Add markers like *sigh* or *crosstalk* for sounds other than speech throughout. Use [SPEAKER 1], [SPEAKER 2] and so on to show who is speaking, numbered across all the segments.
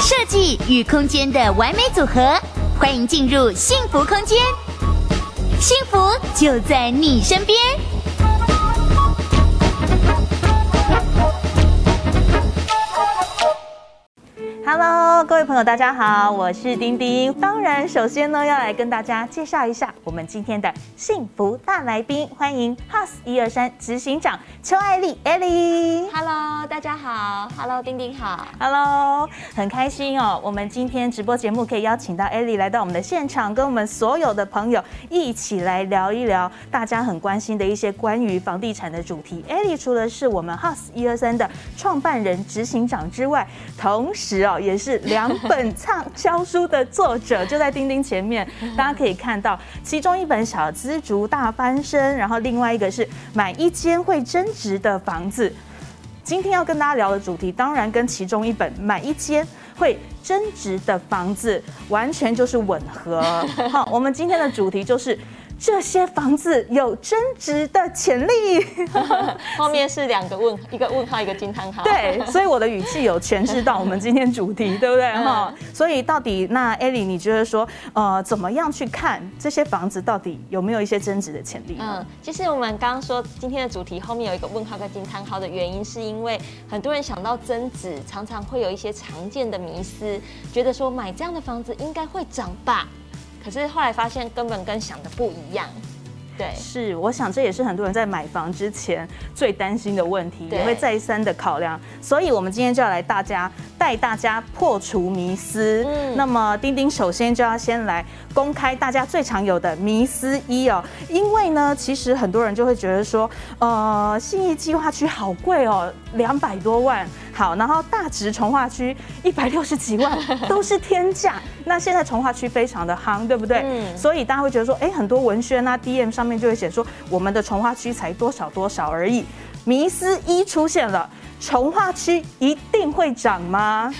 [SPEAKER 1] 設計與空間的完美組合，歡迎進入幸福空間，幸福就在你身邊。哈嘍，各位朋友，大家好，我是丁丁。當然，首先呢，要來跟大家介紹一下我們今天的幸福大來賓，歡迎 House 一二三執行長邱愛莉，Ellie。
[SPEAKER 2] Hello, 大家好，哈嘍，Hello, 丁丁好
[SPEAKER 1] ，Hello，很開心哦。我們今天直播節目可以邀請到 Ellie 來到我們的現場，跟我們所有的朋友一起來聊一聊大家很關心的一些關於房地產的主題。Ellie 除了是我們 House 一二三的創辦人、執行長之外，同時哦。也是兩本暢銷書的作者，就在釘釘前面，大家可以看到，其中一本《小資族大翻身》，然後另外一個是《買一間會增值的房子》。今天要跟大家聊的主題，當然跟其中一本《買一間會增值的房子》完全就是吻合。好，我們今天的主題就是。這些房子有增值的潛力
[SPEAKER 2] *laughs* 後面是兩個問，一個問號，一個驚嘆號。對，所以
[SPEAKER 1] 我的語氣有詮釋到我們今天主題，對不對？哈，所以到底那愛莉，你覺得說，呃，怎麼樣去看這些房子到底有沒有一些增值的潛力？嗯，
[SPEAKER 2] 其實我們剛剛說今天的主題後面有一個問號跟驚嘆號的原因，是因為很多人想到增值，常常會有一些常見的迷思，覺得說買這樣的房子應該會漲吧。可是後來發現根本跟想的不一樣，對，
[SPEAKER 1] 是，我想這也是很多人在買房之前最擔心的問題，也會再三的考量，所以，我們今天就要來大家帶大家破除迷思。嗯，那麼丁丁首先就要先來公開大家最常有的迷思一哦，因為呢，其實很多人就會覺得說，呃，信義計劃區好貴哦，兩百多萬。好，然後大直。重劃區，一百六十幾萬都是天價，那現在重劃區非常的夯，對不對？所以大家會覺得說，哎，很多文宣啊、DM 上面就會寫說，我們的重劃區才多少多少而已。迷思一出現了，重劃區一定會漲嗎？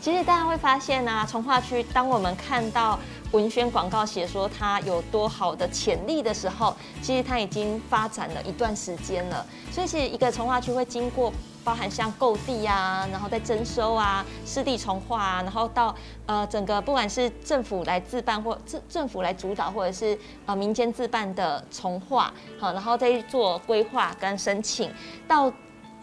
[SPEAKER 2] 其實大家會發現啊，重劃區，當我們看到。文宣廣告寫說它有多好的潛力的時候，其實它已經發展了一段時間了。所以其實一個重劃區會經過包含像購地啊，然後再徵收啊，市地重劃、啊，然後到呃整個不管是政府來自辦或政政府來主導，或者是呃民間自辦的重劃，好、啊，然後再做規劃跟申請到。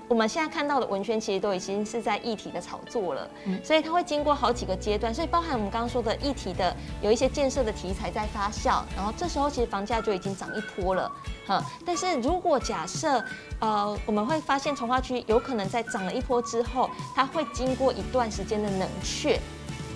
[SPEAKER 2] 我們現在看到的文宣，其實都已經是在議題的炒作了，所以它會經過好幾個階段，所以包含我們剛剛說的議題的有一些建設的題材在發酵，然後這時候其實房價就已經漲一波了，哈。但是如果假設，呃，我們會發現重劃區有可能在漲了一波之後，它會經過一段時間的冷卻，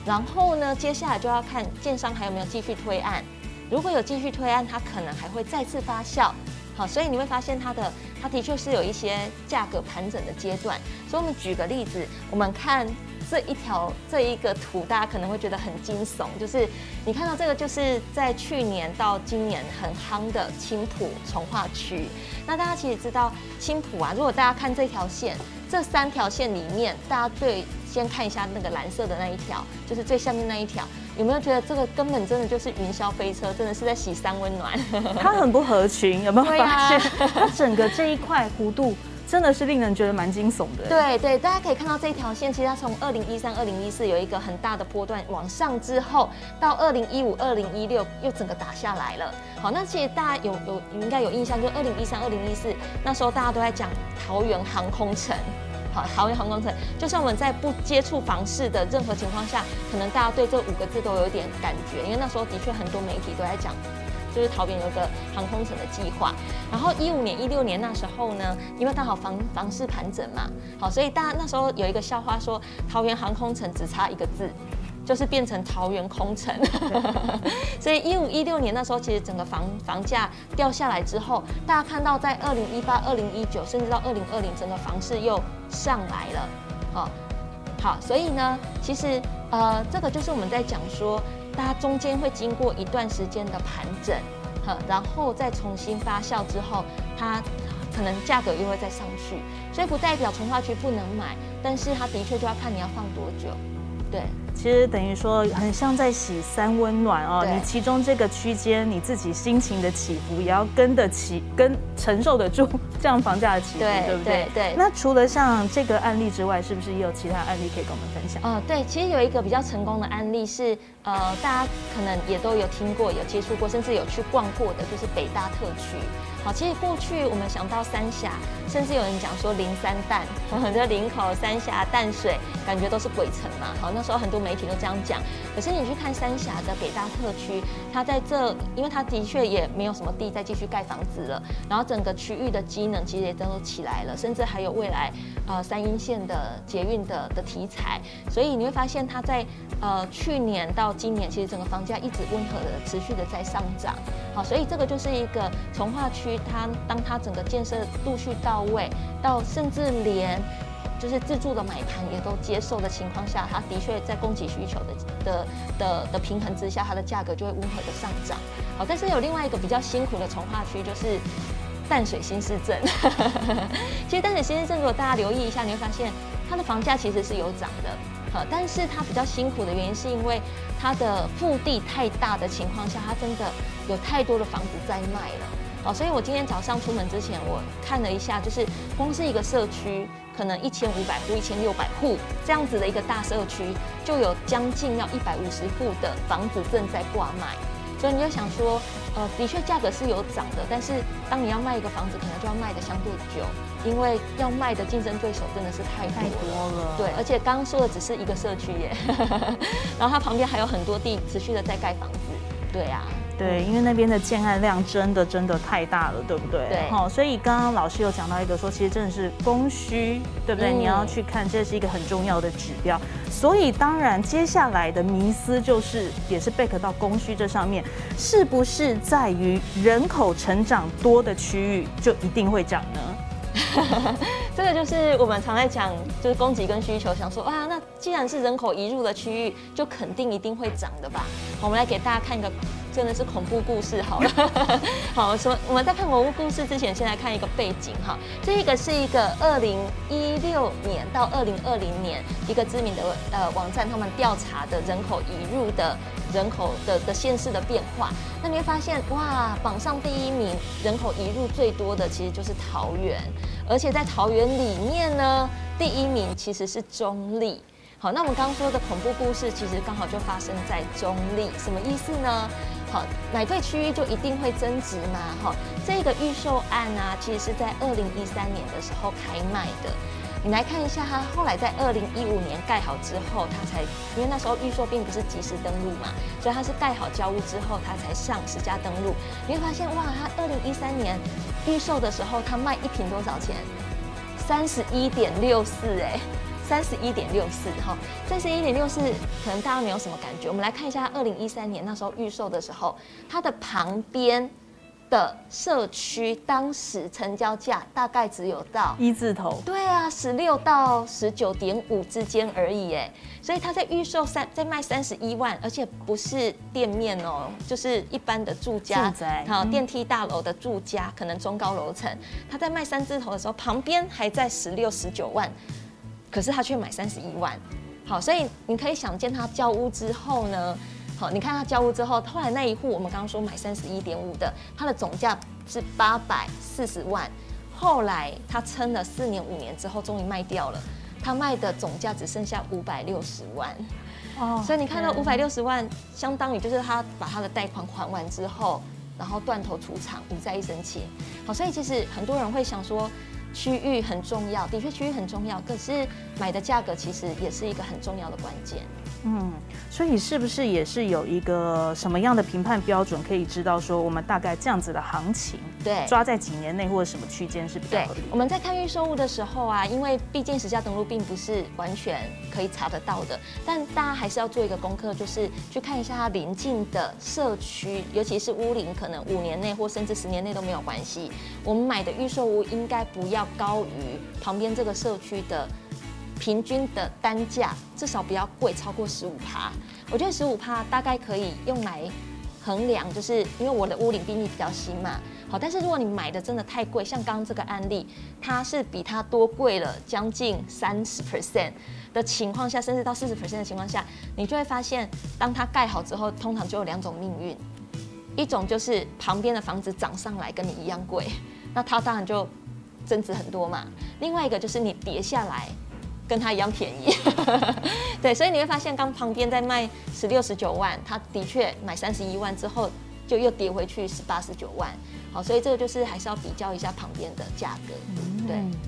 [SPEAKER 2] 然後呢，接下來就要看建商還有沒有繼續推案，如果有繼續推案，它可能還會再次發酵。好，所以你會發現它的，它的確是有一些價格盤整的階段。所以我們舉個例子，我們看這一條這一個圖，大家可能會覺得很驚悚，就是你看到這個，就是在去年到今年很夯的青埔重劃區。那大家其實知道青埔啊，如果大家看這條線，這三條線裡面，大家對。先看一下那個藍色的那一條，就是最下面那一條，有沒有覺得這個根本真的就是雲霄飛車，真的是在洗三溫暖？它很
[SPEAKER 1] 不合群，有沒有發現？它、啊、整個這
[SPEAKER 2] 一塊弧度
[SPEAKER 1] 真的是令人覺得蠻驚悚的、欸。對
[SPEAKER 2] 對，大家可以看到這條線，其實它從二零一三、二零一四有一個很大的波段往上之後，到二零一五、二零一六又整個打下來了。好，那其實大家有有應該有印象，就是二零一三、二零一四那時候大家都在講桃園航空城。好，桃園航空城，就是我們在不接觸房市的任何情況下，可能大家對這五個字都有一點感覺，因為那時候的確很多媒體都在講，就是桃園有個航空城的計劃。然後一五年、一六年那時候呢，因為剛好房房市盤整嘛，好，所以大家那時候有一個笑話說，說桃園航空城只差一個字。就是變成桃園空城， *laughs* 所以一五一六年那時候，其實整個房房價掉下來之後，大家看到在二零一八、二零一九，甚至到二零二零，整個房市又上來了，好，好，所以呢，其實呃，這個就是我們在講說，大家中間會經過一段時間的盤整，然後再重新發酵之後，它可能價格又會再上去，所以不代表重劃區不能買，但是它的確就要看你要放多久，
[SPEAKER 1] 對。其實等於說，很像在洗三溫暖哦、喔。你其中這個區間，你自己心情的起伏也要跟得起，跟承受得住
[SPEAKER 2] 這樣房價的起伏，對不對？對，對。那除了像這個案例之外，是不是也有其他案例可以跟我們分享？哦、呃，對，其實有一個比較成功的案例是，呃，大家可能也都有聽過、有接觸過，甚至有去逛過的，就是北大特區。好，其實過去我們想到三峽，甚至有人講說“林三淡”，很多林口、三峽、淡水，感覺都是鬼城嘛。好，那時候很多。媒體都這樣講，可是你去看三峽的北大特區，它在這，因為它的確也沒有什麼地再繼續蓋房子了，然後整個區域的機能其實也都起來了，甚至還有未來呃三鶯線的捷運的的題材，所以你會發現它在呃去年到今年，其實整個房價一直溫和的持續的在上漲，好，所以這個就是一個重劃區，它當它整個建設的陸續到位，到甚至連。就是自住的買盤也都接受的情況下，它的確在供給需求的的的的平衡之下，它的價格就會溫和的上漲。好，但是有另外一個比較辛苦的重劃區，就是淡水新市鎮。 *laughs* 其實淡水新市鎮，如果大家留意一下，你會發現它的房價其實是有漲的。好，但是它比較辛苦的原因是因為它的腹地太大的情況下，它真的有太多的房子在賣了。哦，所以我今天早上出門之前，我看了一下，就是光是一個社區。可能一千五百戶、一千六百戶這樣子的一個大社區，就有將近要一百五十戶的房子正在掛賣，所以你就想說，呃，的確價格是有漲的，但是當你要賣一個房子，可能就要賣的相對久，因為要賣的競爭對手真的是太太多了。對，而且剛剛說的只是一個社區耶，然後它旁邊還有很多地持續的在蓋房子，對呀、啊。
[SPEAKER 1] 對，因為那邊的建案量真的真的太大了，對不對？對。好，所以剛剛老師有講到一個說，說其實真的是供需，對不對？嗯。你要去看，這是一個很重要的指標。所以當然，接下來的迷思就是，也是 back 到供需這上面，是不是在於人口成長多的區域就一定會漲呢？
[SPEAKER 2] *laughs* 這個就是我們常在講，就是供給跟需求，想說啊，那既然是人口移入的區域，就肯定一定會漲的吧？我們來給大家看一個。真的是恐怖故事好了 *laughs* *laughs* 好，說我們在看恐怖故事之前，先來看一個背景哈。這個是一個二零一六年到二零二零年一個知名的呃網站，他們調查的人口移入的人口的的縣市的，的變化。那你會發現哇，榜上第一名人口移入最多的其實就是桃園，而且在桃園裡面呢，第一名其實是中壢。好，那我們剛剛說的恐怖故事，其實剛好就發生在中壢。什麼意思呢？好，買對區域就一定會增值嗎？哈，這個預售案啊，其實是在二零一三年的時候開賣的。你來看一下，它後來在二零一五年蓋好之後，它才，因為那時候預售並不是即時登錄嘛，所以它是蓋好交屋之後，它才上實價登錄。你會發現，哇，它二零一三年預售的時候，它賣一坪多少錢？三十一點六四，哎。三十一點六四哈，三十一點六四可能大家沒有什麼感覺。我們來看一下，二零一三年那時候預售的時候，它的旁邊的社區當時成交價大概只有到一字頭。對啊，十六到十九點五之間而已哎，所以它在預售三在賣三十一萬，而且不是店面哦、喔，就是一般的住家，好電梯大樓的住家，可能中高樓層，它在賣三字頭的時候，旁邊還在十六十九萬。可是他卻買三十一萬，好，所以你可以想見他交屋之後呢，好，你看他交屋之後，後來那一戶我們剛剛說買三十一點五的，它的總價是八百四十萬，後來他撐了四年五年之後，終於賣掉了，他賣的總價只剩下五百六十萬，哦、
[SPEAKER 1] oh, okay.，所以你看到五百六十
[SPEAKER 2] 萬，相當於就是他把他的貸款還完，完之後，然後斷頭出場，無債一身輕，好，所以其實很多人會想說。區域很重要，的確區域很重要，可是買的價格其實也是一個很重要的關鍵。
[SPEAKER 1] 嗯，所以是不是也是有一個什麼樣的評判標準，可以知道說我們大概這樣子的行情？對，抓在幾年內或者什麼區間是比較好的。我
[SPEAKER 2] 們在看預售屋的時候啊，因為畢竟實價登錄並不是完全可以查得到的，但大家還是要做一個功課，就是去看一下它鄰近的社區，尤其是屋齡，可能五年內或甚至十年內都沒有關係。我們買的預售屋應該不要高於旁邊這個社區的平均的單價至少不要貴超過十五趴，我覺得十五趴大概可以用來衡量，就是因為我的屋齡比你比較新嘛。好，但是如果你買的真的太貴，像剛剛這個案例，它是比它多貴了將近三十 percent 的情況下，甚至到四十 percent 的情況下，你就會發現，當它蓋好之後，通常就有兩種命運，一種就是旁邊的房子漲上來跟你一樣貴，那它當然就增值很多嘛；另外一個就是你跌下來。跟他一樣便宜， *laughs* 對，所以你會發現，剛旁邊在賣十六、十九萬，他的確買三十一萬之後，就又跌回去十八、十九萬，好，所以這個就是還是要比較一下旁邊的價格，
[SPEAKER 1] 對。嗯，對。